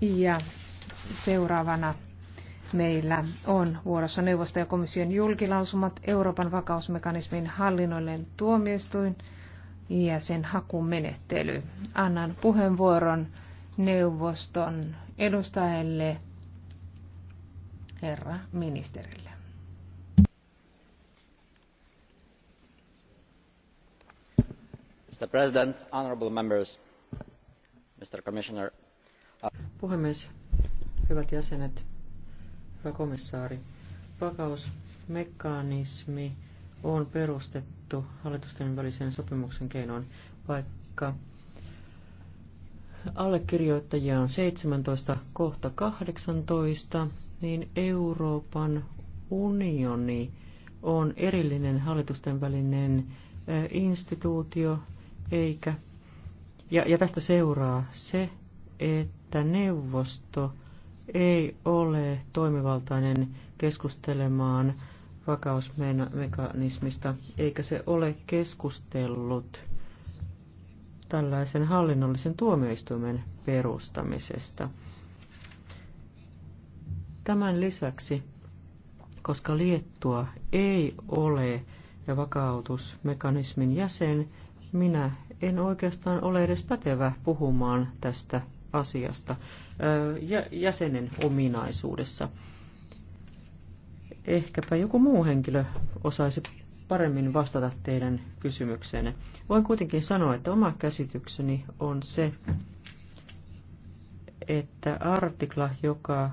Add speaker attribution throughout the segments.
Speaker 1: Ja seuraavana meillä on vuorossa neuvosto- ja komission julkilausumat Euroopan vakausmekanismin hallinnollinen tuomioistuin ja sen hakumenettely. Annan puheenvuoron neuvoston edustajille, herra ministerille.
Speaker 2: Mr. President, honorable members, Mr. Commissioner, Puhemies, hyvät jäsenet, hyvä komissaari. Vakausmekanismi on perustettu hallitusten välisen sopimuksen keinoin, vaikka allekirjoittajia on 17 kohta 18, niin Euroopan unioni on erillinen hallitusten välinen instituutio, eikä. Ja, ja tästä seuraa se, että että neuvosto ei ole toimivaltainen keskustelemaan vakausmekanismista, eikä se ole keskustellut tällaisen hallinnollisen tuomioistuimen perustamisesta. Tämän lisäksi, koska Liettua ei ole ja vakautusmekanismin jäsen, minä en oikeastaan ole edes pätevä puhumaan tästä asiasta jäsenen ominaisuudessa. Ehkäpä joku muu henkilö osaisi paremmin vastata teidän kysymykseenne. Voin kuitenkin sanoa, että oma käsitykseni on se, että artikla, joka,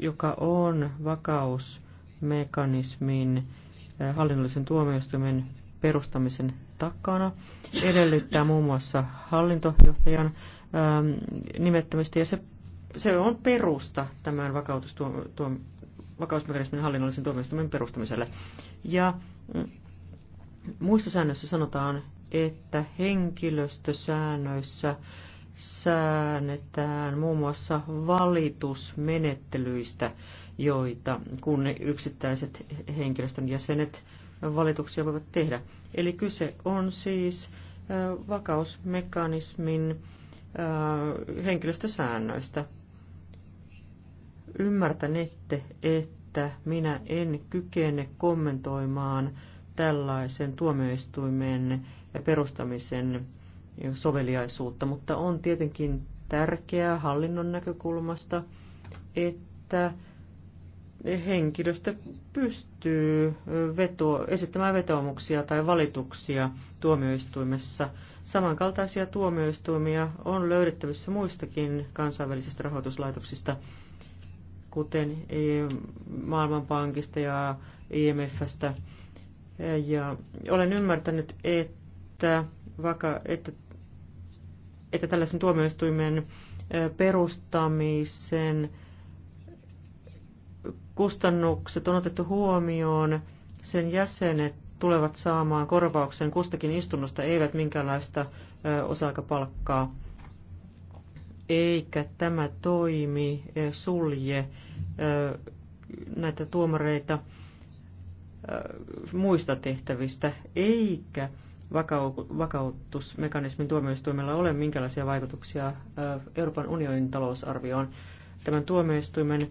Speaker 2: joka on vakausmekanismin hallinnollisen tuomioistuimen perustamisen takana, edellyttää muun muassa hallintojohtajan Ähm, nimettömästi, ja se, se on perusta tämän vakausmekanismin hallinnollisen tuomioistuimen perustamiselle. Ja mm, muissa säännöissä sanotaan, että henkilöstösäännöissä säännetään muun muassa valitusmenettelyistä, joita kun yksittäiset henkilöstön jäsenet valituksia voivat tehdä. Eli kyse on siis vakausmekanismin henkilöstösäännöistä. Ymmärtänette, että minä en kykene kommentoimaan tällaisen tuomioistuimen perustamisen soveliaisuutta, mutta on tietenkin tärkeää hallinnon näkökulmasta, että henkilöstö pystyy veto, esittämään vetoomuksia tai valituksia tuomioistuimessa. Samankaltaisia tuomioistuimia on löydettävissä muistakin kansainvälisistä rahoituslaitoksista, kuten e Maailmanpankista ja IMFstä. Ja olen ymmärtänyt, että, vaka, että, että tällaisen tuomioistuimen perustamisen kustannukset on otettu huomioon, sen jäsenet tulevat saamaan korvauksen kustakin istunnosta, eivät minkäänlaista osa-aikapalkkaa. Eikä tämä toimi sulje näitä tuomareita muista tehtävistä, eikä vakautusmekanismin tuomioistuimella ole minkälaisia vaikutuksia Euroopan unionin talousarvioon tämän tuomioistuimen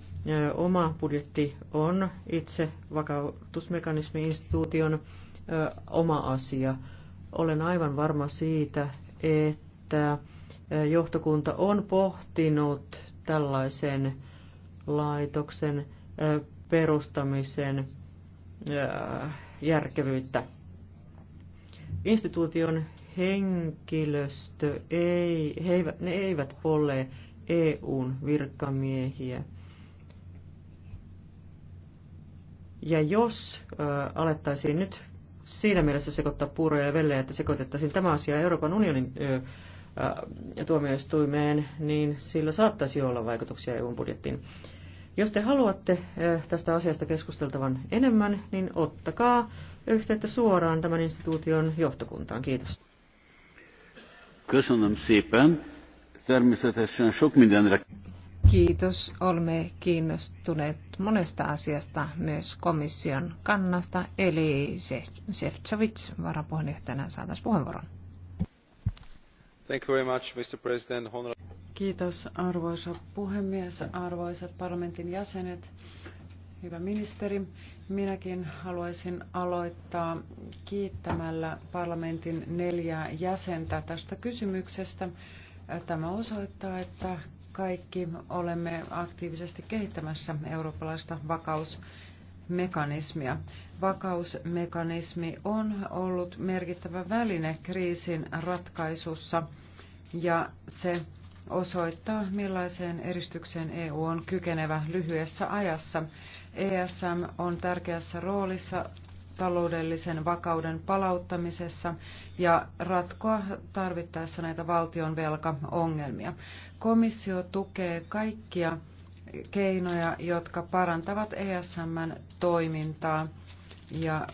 Speaker 2: oma budjetti on itse vakautusmekanismi-instituution oma asia. Olen aivan varma siitä, että johtokunta on pohtinut tällaisen laitoksen perustamisen järkevyyttä. Instituution henkilöstö ei, he eivät, ne eivät ole EUn virkamiehiä. Ja jos ö, alettaisiin nyt siinä mielessä sekoittaa puuroja ja vellejä, että sekoitettaisiin tämä asia Euroopan unionin ö, ö, tuomioistuimeen, niin sillä saattaisi olla vaikutuksia EUn budjettiin. Jos te haluatte ö, tästä asiasta keskusteltavan enemmän, niin ottakaa yhteyttä suoraan tämän instituution johtokuntaan. Kiitos.
Speaker 3: Köszönöm szépen.
Speaker 2: Kiitos. Olemme kiinnostuneet
Speaker 1: monesta asiasta, myös komission kannasta, eli Sefcovic
Speaker 3: varapuheenjohtajana saataisiin puheenvuoron. Thank you very much, Mr. President. Kiitos arvoisa puhemies, arvoisat parlamentin jäsenet, hyvä ministeri. Minäkin haluaisin aloittaa kiittämällä parlamentin neljää jäsentä tästä kysymyksestä, Tämä osoittaa, että kaikki olemme aktiivisesti kehittämässä eurooppalaista vakausmekanismia. Vakausmekanismi on ollut merkittävä väline kriisin ratkaisussa ja se osoittaa, millaiseen eristykseen EU on kykenevä lyhyessä ajassa. ESM on tärkeässä roolissa taloudellisen vakauden palauttamisessa ja ratkoa tarvittaessa näitä valtion velkaongelmia. Komissio tukee kaikkia keinoja, jotka parantavat esm toimintaa. Ja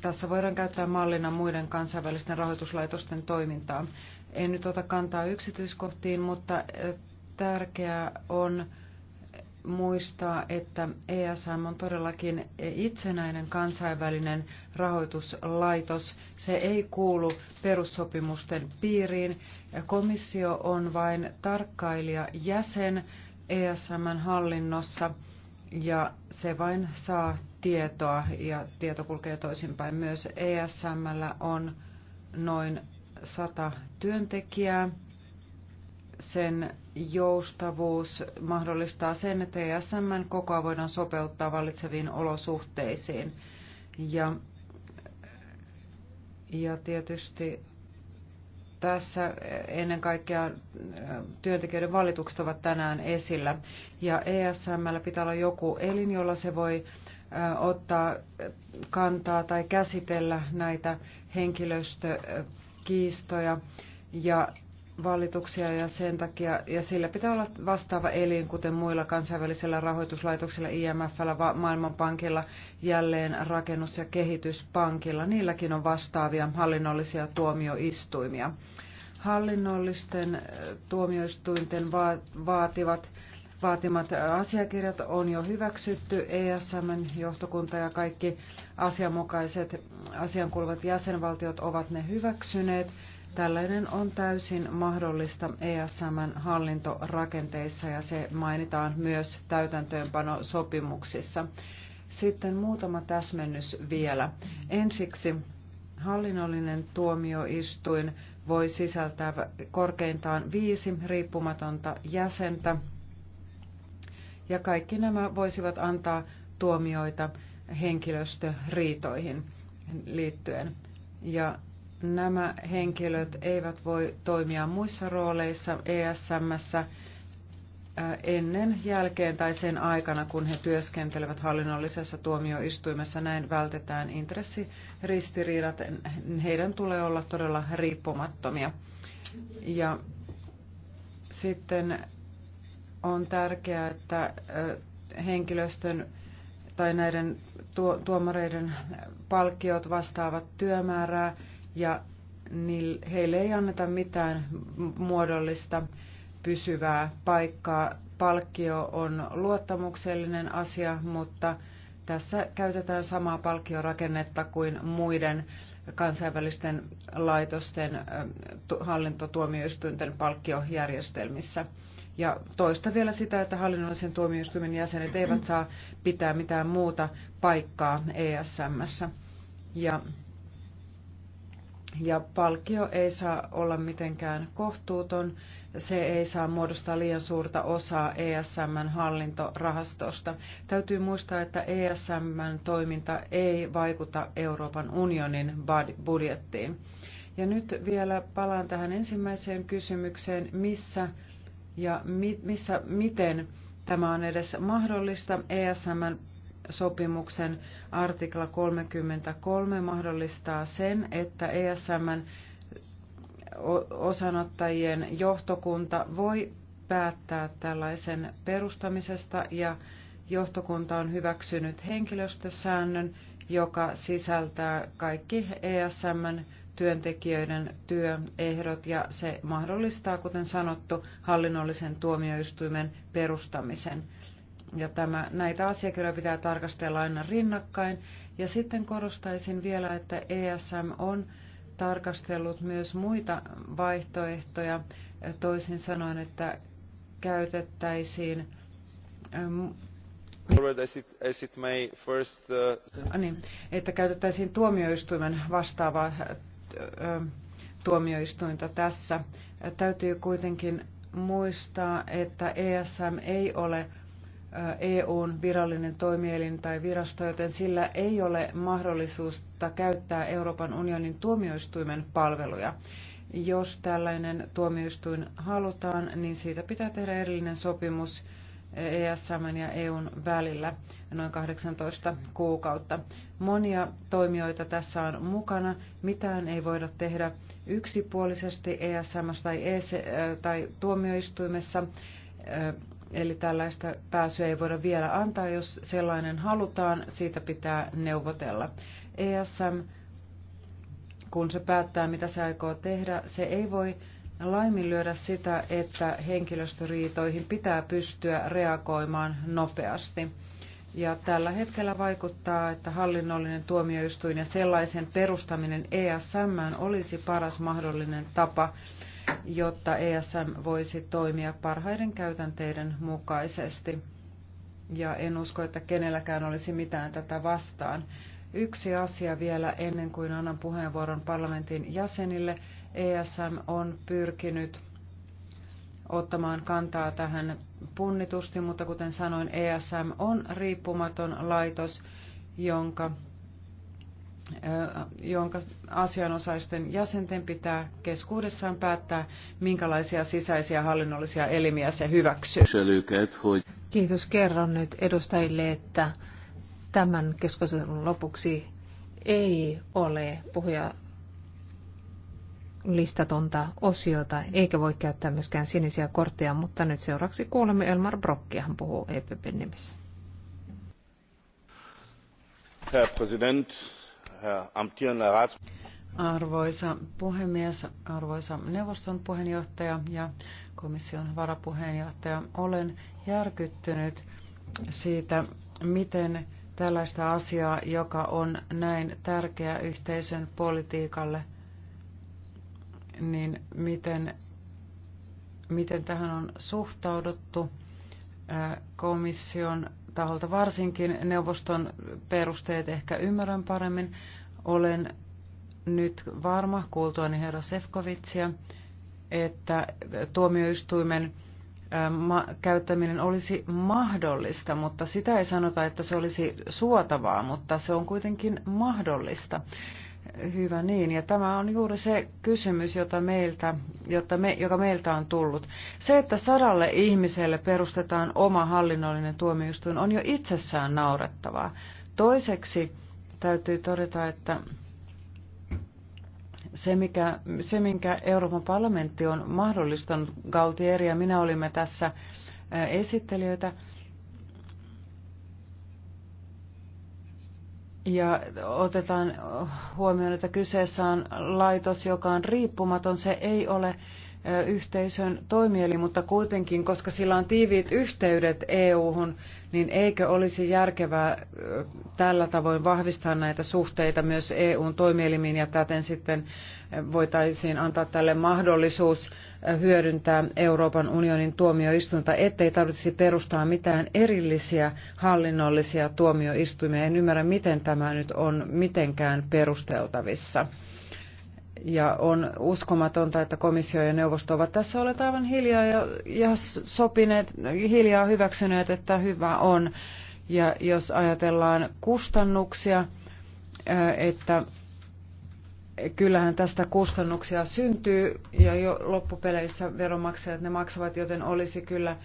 Speaker 3: tässä voidaan käyttää mallina muiden kansainvälisten rahoituslaitosten toimintaa. En nyt ota kantaa yksityiskohtiin, mutta eh, tärkeää on muistaa, että ESM on todellakin itsenäinen kansainvälinen rahoituslaitos. Se ei kuulu perussopimusten piiriin. Komissio on vain tarkkailija jäsen ESMn hallinnossa ja se vain saa tietoa ja tieto kulkee toisinpäin. Myös ESMllä on noin 100 työntekijää sen joustavuus mahdollistaa sen, että ESMn kokoa voidaan sopeuttaa valitseviin olosuhteisiin. Ja, ja tietysti tässä ennen kaikkea työntekijöiden valitukset ovat tänään esillä. Ja ESMllä pitää olla joku elin, jolla se voi ottaa kantaa tai käsitellä näitä henkilöstökiistoja. Ja valituksia ja sen takia, ja sillä pitää olla vastaava elin, kuten muilla kansainvälisillä rahoituslaitoksilla, IMF, Maailmanpankilla, jälleen rakennus- ja kehityspankilla. Niilläkin on vastaavia hallinnollisia tuomioistuimia. Hallinnollisten äh, tuomioistuinten vaativat vaatimat äh, asiakirjat on jo hyväksytty, ESMn johtokunta ja kaikki asianmukaiset äh, asiankuuluvat jäsenvaltiot ovat ne hyväksyneet Tällainen on täysin mahdollista esm hallintorakenteissa ja se mainitaan myös täytäntöönpanosopimuksissa. Sitten muutama täsmennys vielä. Ensiksi hallinnollinen tuomioistuin voi sisältää korkeintaan viisi riippumatonta jäsentä ja kaikki nämä voisivat antaa tuomioita henkilöstöriitoihin liittyen. Ja Nämä henkilöt eivät voi toimia muissa rooleissa esm äh, ennen, jälkeen tai sen aikana, kun he työskentelevät hallinnollisessa tuomioistuimessa. Näin vältetään intressiristiriidat. Heidän tulee olla todella riippumattomia. Ja sitten on tärkeää, että äh, henkilöstön tai näiden tuomareiden palkkiot vastaavat työmäärää ja heille ei anneta mitään muodollista pysyvää paikkaa. Palkkio on luottamuksellinen asia, mutta tässä käytetään samaa palkkiorakennetta kuin muiden kansainvälisten laitosten hallintotuomioistuinten palkkiojärjestelmissä. Ja toista vielä sitä, että hallinnollisen tuomioistuimen jäsenet eivät saa pitää mitään muuta paikkaa ESMssä. Ja ja palkkio ei saa olla mitenkään kohtuuton. Se ei saa muodostaa liian suurta osaa esm hallintorahastosta. Täytyy muistaa, että esm toiminta ei vaikuta Euroopan unionin budjettiin. Ja nyt vielä palaan tähän ensimmäiseen kysymykseen, missä ja mi, missä, miten tämä on edes mahdollista. ESM sopimuksen artikla 33 mahdollistaa sen, että ESMn osanottajien johtokunta voi päättää tällaisen perustamisesta ja johtokunta on hyväksynyt henkilöstösäännön, joka sisältää kaikki ESMn työntekijöiden työehdot ja se mahdollistaa, kuten sanottu, hallinnollisen tuomioistuimen perustamisen. Ja tämä, näitä asiakirjoja pitää tarkastella aina rinnakkain. Ja sitten korostaisin vielä, että ESM on tarkastellut myös muita vaihtoehtoja, toisin sanoen, että käytettäisiin ähm, äh, niin, että käytettäisiin tuomioistuimen vastaavaa äh, äh, tuomioistuinta tässä. Täytyy kuitenkin muistaa, että ESM ei ole EUn virallinen toimielin tai virasto, joten sillä ei ole mahdollisuutta käyttää Euroopan unionin tuomioistuimen palveluja. Jos tällainen tuomioistuin halutaan, niin siitä pitää tehdä erillinen sopimus ESM ja EUn välillä noin 18 kuukautta. Monia toimijoita tässä on mukana. Mitään ei voida tehdä yksipuolisesti ESM tai, EC, e, tai tuomioistuimessa Eli tällaista pääsyä ei voida vielä antaa, jos sellainen halutaan, siitä pitää neuvotella. ESM, kun se päättää, mitä se aikoo tehdä, se ei voi laiminlyödä sitä, että henkilöstöriitoihin pitää pystyä reagoimaan nopeasti. Ja tällä hetkellä vaikuttaa, että hallinnollinen tuomioistuin ja sellaisen perustaminen ESM olisi paras mahdollinen tapa jotta ESM voisi toimia parhaiden käytänteiden mukaisesti. Ja en usko, että kenelläkään olisi mitään tätä vastaan. Yksi asia vielä ennen kuin annan puheenvuoron parlamentin jäsenille. ESM on pyrkinyt ottamaan kantaa tähän punnitusti, mutta kuten sanoin, ESM on riippumaton laitos, jonka jonka asianosaisten jäsenten pitää keskuudessaan päättää, minkälaisia sisäisiä hallinnollisia elimiä se hyväksyy.
Speaker 1: Kiitos. Kerron nyt edustajille, että tämän keskustelun lopuksi ei ole puhuja listatonta osiota, eikä voi käyttää myöskään sinisiä kortteja, mutta nyt seuraavaksi kuulemme Elmar Brokkia, hän puhuu EPPn nimissä.
Speaker 3: Herr Präsident, Arvoisa puhemies, arvoisa neuvoston puheenjohtaja ja komission varapuheenjohtaja, olen järkyttynyt siitä, miten tällaista asiaa, joka on näin tärkeä yhteisön politiikalle, niin miten, miten tähän on suhtauduttu komission taholta varsinkin neuvoston perusteet ehkä ymmärrän paremmin. Olen nyt varma, kuultuani herra Sefkovitsia, että tuomioistuimen ähm, käyttäminen olisi mahdollista, mutta sitä ei sanota, että se olisi suotavaa, mutta se on kuitenkin mahdollista. Hyvä niin, ja tämä on juuri se kysymys, jota meiltä, jota me, joka meiltä on tullut. Se, että sadalle ihmiselle perustetaan oma hallinnollinen tuomioistuin, on jo itsessään naurettavaa. Toiseksi täytyy todeta, että se, mikä, se minkä Euroopan parlamentti on mahdollistanut, Galtieri ja minä olimme tässä esittelijöitä, ja otetaan huomioon, että kyseessä on laitos, joka on riippumaton. Se ei ole yhteisön toimieli, mutta kuitenkin, koska sillä on tiiviit yhteydet EU-hun, niin eikö olisi järkevää tällä tavoin vahvistaa näitä suhteita myös EUn toimielimiin ja täten sitten voitaisiin antaa tälle mahdollisuus hyödyntää Euroopan unionin tuomioistuinta, ettei tarvitsisi perustaa mitään erillisiä hallinnollisia tuomioistuimia. En ymmärrä, miten tämä nyt on mitenkään perusteltavissa. Ja on uskomatonta, että komissio ja neuvosto ovat tässä olleet aivan hiljaa ja, ja sopineet, hiljaa hyväksyneet, että hyvä on. Ja jos ajatellaan kustannuksia, äh, että kyllähän tästä kustannuksia syntyy ja jo loppupeleissä veronmaksajat ne maksavat, joten olisi kyllä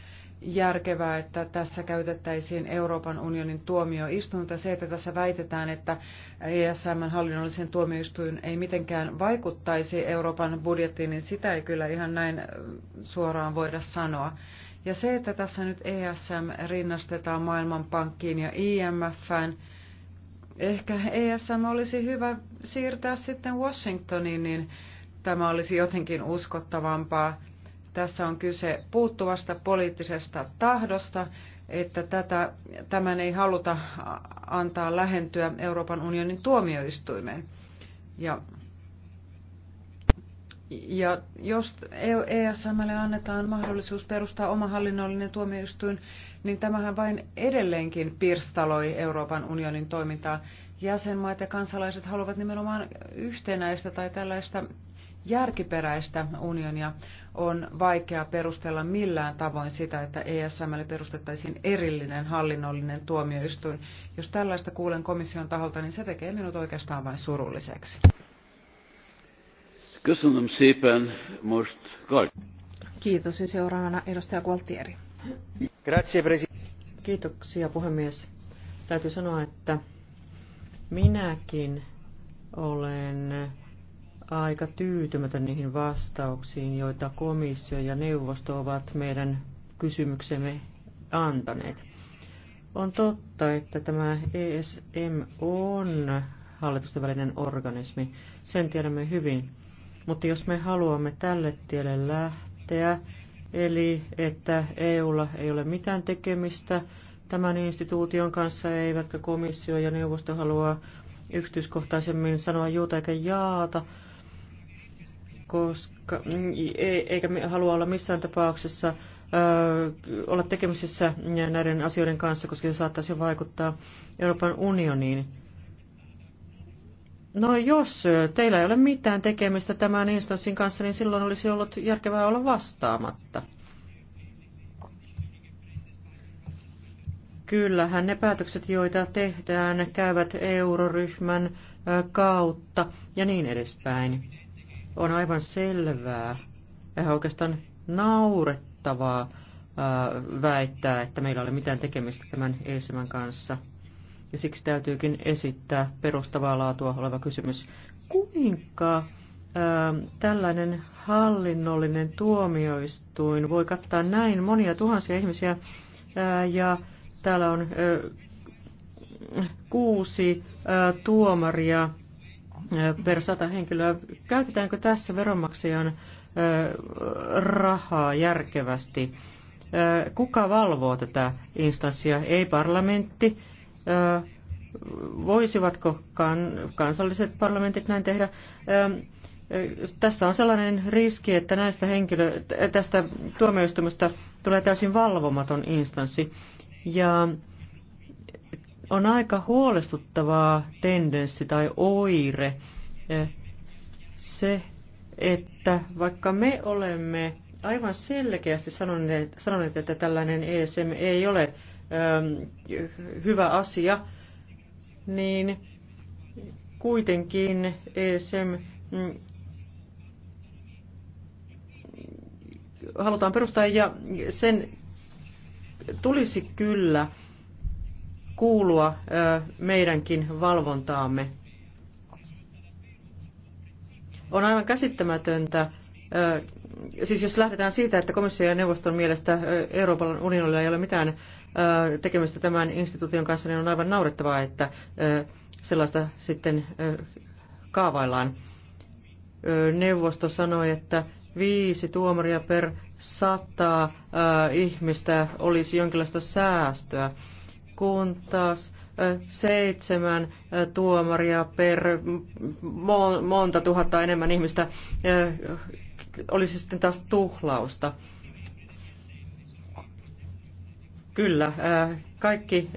Speaker 3: järkevää, että tässä käytettäisiin Euroopan unionin tuomioistuinta. Se, että tässä väitetään, että ESM-hallinnollisen tuomioistuin ei mitenkään vaikuttaisi Euroopan budjettiin, niin sitä ei kyllä ihan näin suoraan voida sanoa. Ja se, että tässä nyt ESM rinnastetaan Maailmanpankkiin ja IMFään, ehkä ESM olisi hyvä siirtää sitten Washingtoniin, niin tämä olisi jotenkin uskottavampaa. Tässä on kyse puuttuvasta poliittisesta tahdosta, että tätä, tämän ei haluta antaa lähentyä Euroopan unionin tuomioistuimeen. Ja, ja jos ESML e annetaan mahdollisuus perustaa oma hallinnollinen tuomioistuin, niin tämähän vain edelleenkin pirstaloi Euroopan unionin toimintaa jäsenmaat ja kansalaiset haluavat nimenomaan yhtenäistä tai tällaista järkiperäistä unionia, on vaikea perustella millään tavoin sitä, että ESMlle perustettaisiin erillinen hallinnollinen tuomioistuin. Jos tällaista kuulen komission taholta, niin se tekee minut oikeastaan vain surulliseksi. Kiitos.
Speaker 1: seuraavana edustaja Gualtieri.
Speaker 2: Kiitoksia puhemies. Täytyy sanoa, että minäkin olen aika tyytymätön niihin vastauksiin, joita komissio ja neuvosto ovat meidän kysymyksemme antaneet. On totta, että tämä ESM on hallitusten välinen organismi. Sen tiedämme hyvin. Mutta jos me haluamme tälle tielle lähteä, eli että EUlla ei ole mitään tekemistä tämän instituution kanssa, eivätkä komissio ja neuvosto halua yksityiskohtaisemmin sanoa juuta eikä jaata, koska e, eikä halua olla missään tapauksessa olla tekemisissä näiden asioiden kanssa, koska se saattaisi vaikuttaa Euroopan unioniin. No jos teillä ei ole mitään tekemistä tämän instanssin kanssa, niin silloin olisi ollut järkevää olla vastaamatta. Kyllähän ne päätökset, joita tehdään, käyvät euroryhmän kautta ja niin edespäin on aivan selvää, ja äh, oikeastaan naurettavaa äh, väittää, että meillä ei ole mitään tekemistä tämän ESMän kanssa. Ja siksi täytyykin esittää perustavaa laatua oleva kysymys. Kuinka äh, tällainen hallinnollinen tuomioistuin voi kattaa näin monia tuhansia ihmisiä. Ja täällä on kuusi tuomaria per sata henkilöä. Käytetäänkö tässä veronmaksajan rahaa järkevästi? Kuka valvoo tätä instanssia? Ei parlamentti. Voisivatko kansalliset parlamentit näin tehdä? Tässä on sellainen riski, että näistä henkilö, tästä tuomioistumista tulee täysin valvomaton instanssi. Ja on aika huolestuttavaa tendenssi tai oire eh, se, että vaikka me olemme aivan selkeästi sanoneet, sanoneet että tällainen ESM ei ole ö, ehm, hyvä asia, niin kuitenkin ESM mm, halutaan perustaa ja sen tulisi kyllä kuulua meidänkin valvontaamme. On aivan käsittämätöntä, siis jos lähdetään siitä, että komission ja neuvoston mielestä Euroopan unionilla ei ole mitään tekemistä tämän instituution kanssa, niin on aivan naurettavaa, että sellaista sitten kaavaillaan. Neuvosto sanoi, että viisi tuomaria per sata ihmistä olisi jonkinlaista säästöä kun taas seitsemän tuomaria per monta tuhatta enemmän ihmistä olisi sitten taas tuhlausta. Kyllä, kaikki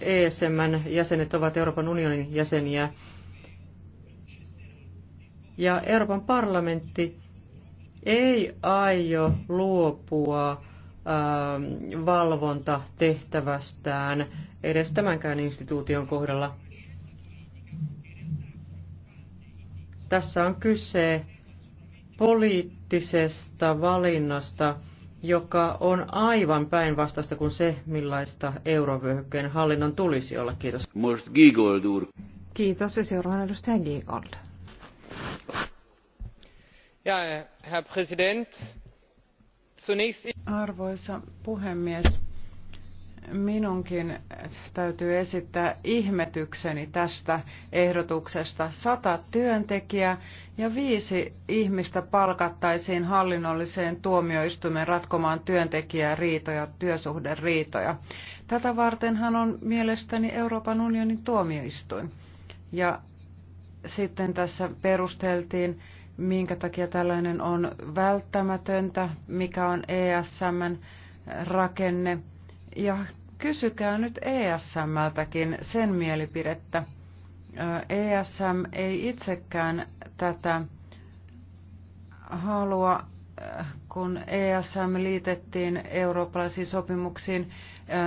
Speaker 2: ESMn jäsenet ovat Euroopan unionin jäseniä. Ja Euroopan parlamentti ei aio luopua Ähm, Valvonta tehtävästään edes tämänkään instituution kohdalla. Tässä on kyse poliittisesta valinnasta, joka on aivan päinvastaista kuin se, millaista eurovyöhykkeen hallinnon tulisi olla. Kiitos.
Speaker 1: Kiitos ja seuraavan edustaja Giegold.
Speaker 3: Ja, herr Präsident. Arvoisa puhemies, minunkin täytyy esittää ihmetykseni tästä ehdotuksesta. Sata työntekijää ja viisi ihmistä palkattaisiin hallinnolliseen tuomioistuimen ratkomaan työntekijäriitoja, työsuhderiitoja. Tätä vartenhan on mielestäni Euroopan unionin tuomioistuin. Ja sitten tässä perusteltiin minkä takia tällainen on välttämätöntä, mikä on esm rakenne. Ja kysykää nyt ESM-ltäkin sen mielipidettä. ESM ei itsekään tätä halua, kun ESM liitettiin eurooppalaisiin sopimuksiin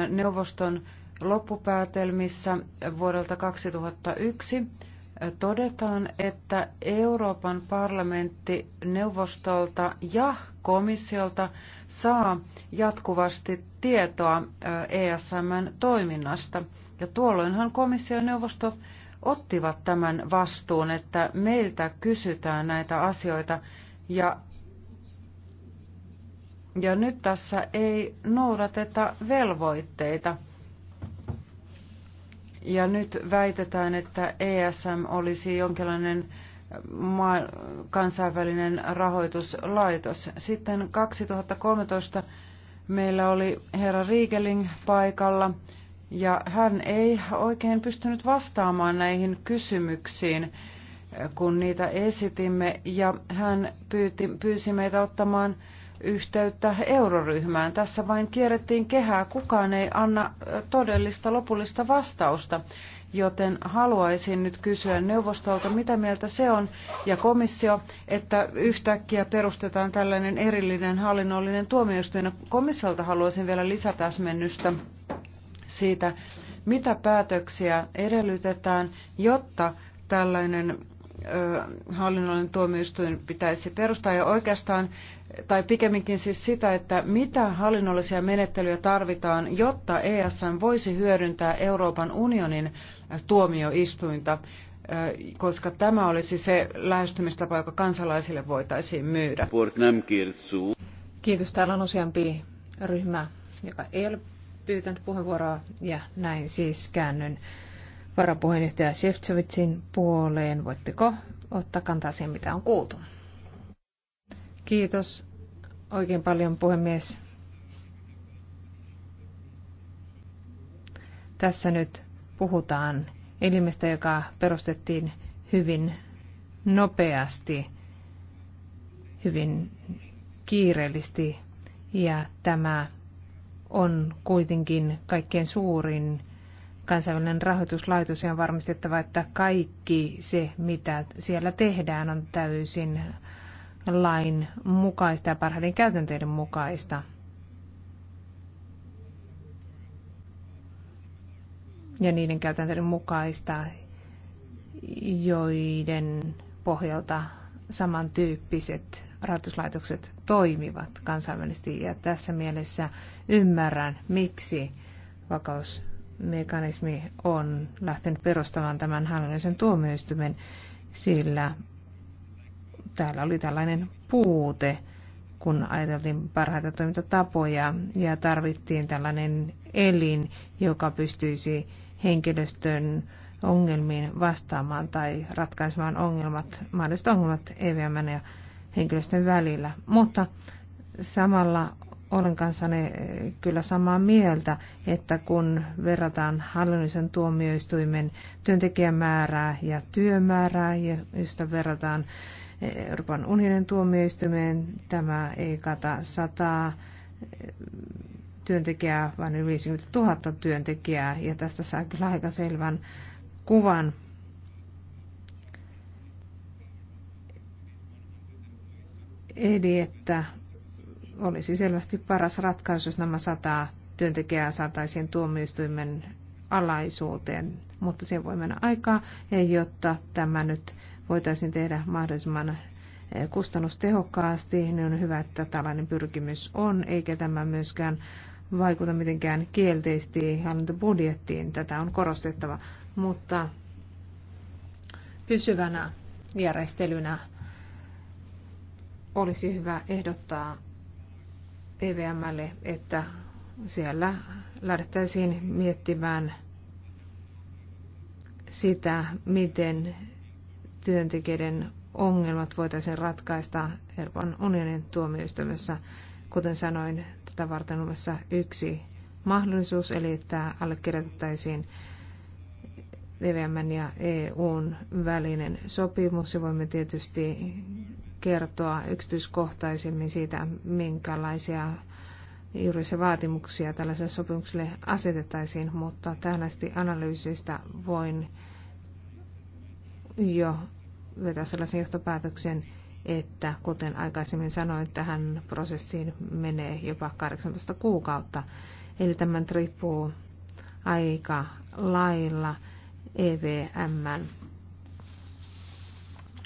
Speaker 3: neuvoston loppupäätelmissä vuodelta 2001 todetaan, että Euroopan parlamentti neuvostolta ja komissiolta saa jatkuvasti tietoa ESMn toiminnasta. Ja tuolloinhan komissio ja neuvosto ottivat tämän vastuun, että meiltä kysytään näitä asioita ja ja nyt tässä ei noudateta velvoitteita. Ja nyt väitetään, että ESM olisi jonkinlainen maa, kansainvälinen rahoituslaitos. Sitten 2013 meillä oli herra Riegeling paikalla ja hän ei oikein pystynyt vastaamaan näihin kysymyksiin, kun niitä esitimme ja hän pyyti, pyysi meitä ottamaan yhteyttä euroryhmään. Tässä vain kierrettiin kehää, kukaan ei anna todellista lopullista vastausta, joten haluaisin nyt kysyä neuvostolta, mitä mieltä se on, ja komissio, että yhtäkkiä perustetaan tällainen erillinen hallinnollinen tuomioistuin. Komissiolta haluaisin vielä lisätäsmennystä siitä, mitä päätöksiä edellytetään, jotta tällainen hallinnollinen tuomioistuin pitäisi perustaa. Ja oikeastaan tai pikemminkin siis sitä, että mitä hallinnollisia menettelyjä tarvitaan, jotta ESM voisi hyödyntää Euroopan unionin äh, tuomioistuinta, äh, koska tämä olisi se lähestymistapa, joka kansalaisille voitaisiin myydä. Kiitos. Täällä on useampi
Speaker 1: ryhmä, joka ei ole pyytänyt puheenvuoroa ja näin siis käännyn varapuheenjohtaja Shevtsevitsin puoleen. Voitteko ottaa kantaa siihen, mitä on kuultu? Kiitos oikein paljon puhemies. Tässä nyt puhutaan elimestä, joka perustettiin hyvin nopeasti, hyvin kiireellisesti ja tämä on kuitenkin kaikkein suurin kansainvälinen rahoituslaitos ja on varmistettava, että kaikki se, mitä siellä tehdään, on täysin lain mukaista ja parhaiden käytänteiden mukaista. Ja niiden käytänteiden mukaista, joiden pohjalta samantyyppiset rahoituslaitokset toimivat kansainvälisesti. Ja tässä mielessä ymmärrän, miksi vakausmekanismi on lähtenyt perustamaan tämän hallinnollisen tuomioistuimen, sillä täällä oli tällainen puute, kun ajateltiin parhaita toimintatapoja ja tarvittiin tällainen elin, joka pystyisi henkilöstön ongelmiin vastaamaan tai ratkaisemaan ongelmat, mahdolliset ongelmat EVM ja henkilöstön välillä. Mutta samalla olen kanssani kyllä samaa mieltä, että kun verrataan hallinnollisen tuomioistuimen työntekijämäärää ja työmäärää, ja josta verrataan Euroopan unionin tuomioistuimeen. Tämä ei kata sataa eh, työntekijää, vaan yli 50 000 työntekijää, ja tästä saa kyllä aika selvän kuvan. Eli että olisi selvästi paras ratkaisu, jos nämä sataa työntekijää saataisiin tuomioistuimen alaisuuteen, mutta siihen voi mennä aikaa, ja jotta tämä nyt voitaisiin tehdä mahdollisimman eh, kustannustehokkaasti, niin on hyvä, että tällainen pyrkimys on, eikä tämä myöskään vaikuta mitenkään kielteisesti hallintobudjettiin. Tätä on korostettava, mutta pysyvänä järjestelynä olisi hyvä ehdottaa EVMlle, että siellä lähdettäisiin miettimään sitä, miten työntekijöiden ongelmat voitaisiin ratkaista Euroopan unionin tuomioistuimessa. Kuten sanoin, tätä varten on yksi mahdollisuus, eli että allekirjoitettaisiin EVMn ja EUn välinen sopimus. Ja voimme tietysti kertoa yksityiskohtaisemmin siitä, minkälaisia se vaatimuksia tällaiselle sopimukselle asetettaisiin, mutta tähän asti analyysistä voin jo vetää sellaisen johtopäätöksen, että kuten aikaisemmin sanoin, tähän prosessiin menee jopa 18 kuukautta. Eli tämän riippuu aika lailla EVMn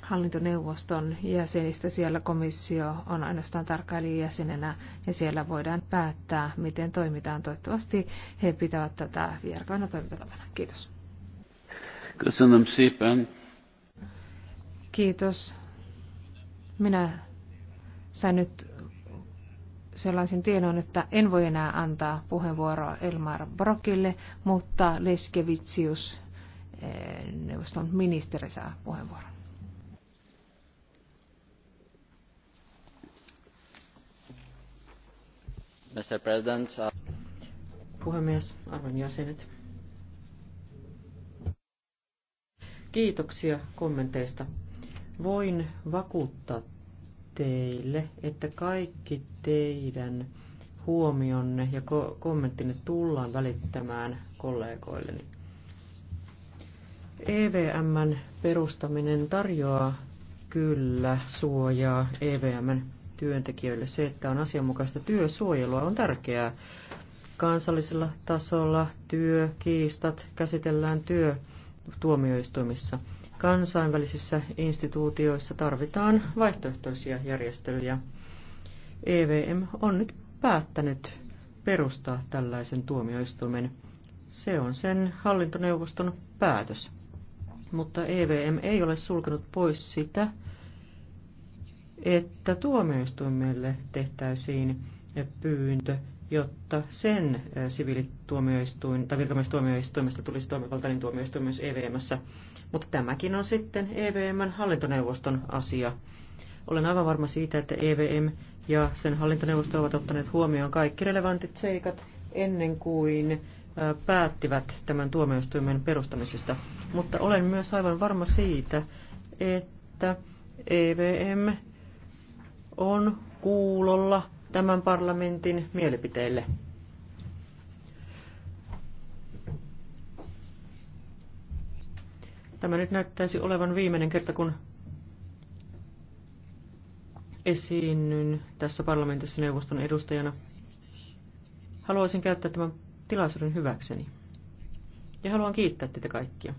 Speaker 1: hallintoneuvoston jäsenistä. Siellä komissio on ainoastaan jäsenenä ja siellä voidaan päättää, miten toimitaan. Toivottavasti he pitävät tätä vierkaana toimintatavana. Kiitos.
Speaker 3: Köszönöm szépen.
Speaker 1: Kiitos. Minä sain nyt sellaisen tiedon, että en voi enää antaa puheenvuoroa Elmar Brokille, mutta Leskevitsius, eh, neuvoston ministeri, saa puheenvuoron.
Speaker 2: Mr. President. Uh, Puhemies, arvon jäsenet. Kiitoksia kommenteista. Voin vakuuttaa teille, että kaikki teidän huomionne ja ko- kommenttinne tullaan välittämään kollegoilleni. EVMn perustaminen tarjoaa kyllä suojaa EVMn työntekijöille. Se, että on asianmukaista työsuojelua, on tärkeää. Kansallisella tasolla työkiistat käsitellään työtuomioistuimissa. Kansainvälisissä instituutioissa tarvitaan vaihtoehtoisia järjestelyjä. EVM on nyt päättänyt perustaa tällaisen tuomioistuimen. Se on sen hallintoneuvoston päätös. Mutta EVM ei ole sulkenut pois sitä, että tuomioistuimelle tehtäisiin pyyntö jotta sen sivilituomioistuin tai virkamiestuomioistuimesta tulisi toimivaltainen tuomioistuin myös EVMssä. Mutta tämäkin on sitten EVMn hallintoneuvoston asia. Olen aivan varma siitä, että EVM ja sen hallintoneuvosto ovat ottaneet huomioon kaikki relevantit seikat ennen kuin päättivät tämän tuomioistuimen perustamisesta. Mutta olen myös aivan varma siitä, että EVM on kuulolla tämän parlamentin mielipiteille. Tämä nyt näyttäisi olevan viimeinen kerta, kun esiinnyn tässä parlamentissa neuvoston edustajana. Haluaisin käyttää tämän tilaisuuden hyväkseni. Ja haluan kiittää teitä kaikkia.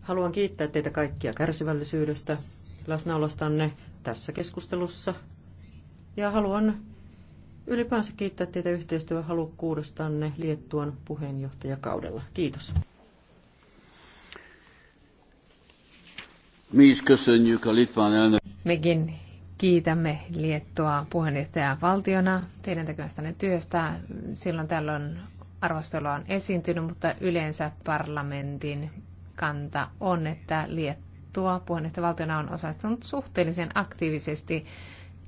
Speaker 2: Haluan kiittää teitä kaikkia kärsivällisyydestä, läsnäolostanne tässä keskustelussa. Ja haluan ylipäänsä kiittää teitä yhteistyöhalukkuudestanne Liettuan puheenjohtajakaudella. Kiitos. Mekin
Speaker 1: kiitämme Liettua puheenjohtajan valtiona teidän tekemästänne työstä. Silloin tällöin arvostelua on esiintynyt, mutta yleensä parlamentin kanta on, että Liettua sanottua, puheenjohtajavaltiona on osallistunut suhteellisen aktiivisesti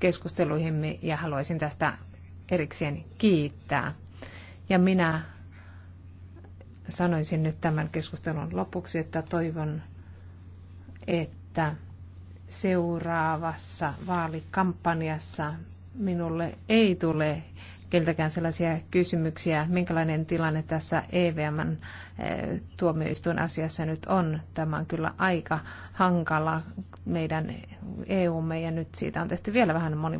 Speaker 1: keskusteluihimme ja haluaisin tästä erikseen kiittää. Ja minä sanoisin nyt tämän keskustelun lopuksi, että toivon, että seuraavassa vaalikampanjassa minulle ei tule keltäkään sellaisia kysymyksiä, minkälainen tilanne tässä EVMn eh, tuomioistuin asiassa nyt on. Tämä on kyllä aika hankala meidän EU-me ja nyt siitä on tehty vielä vähän monimutkaista.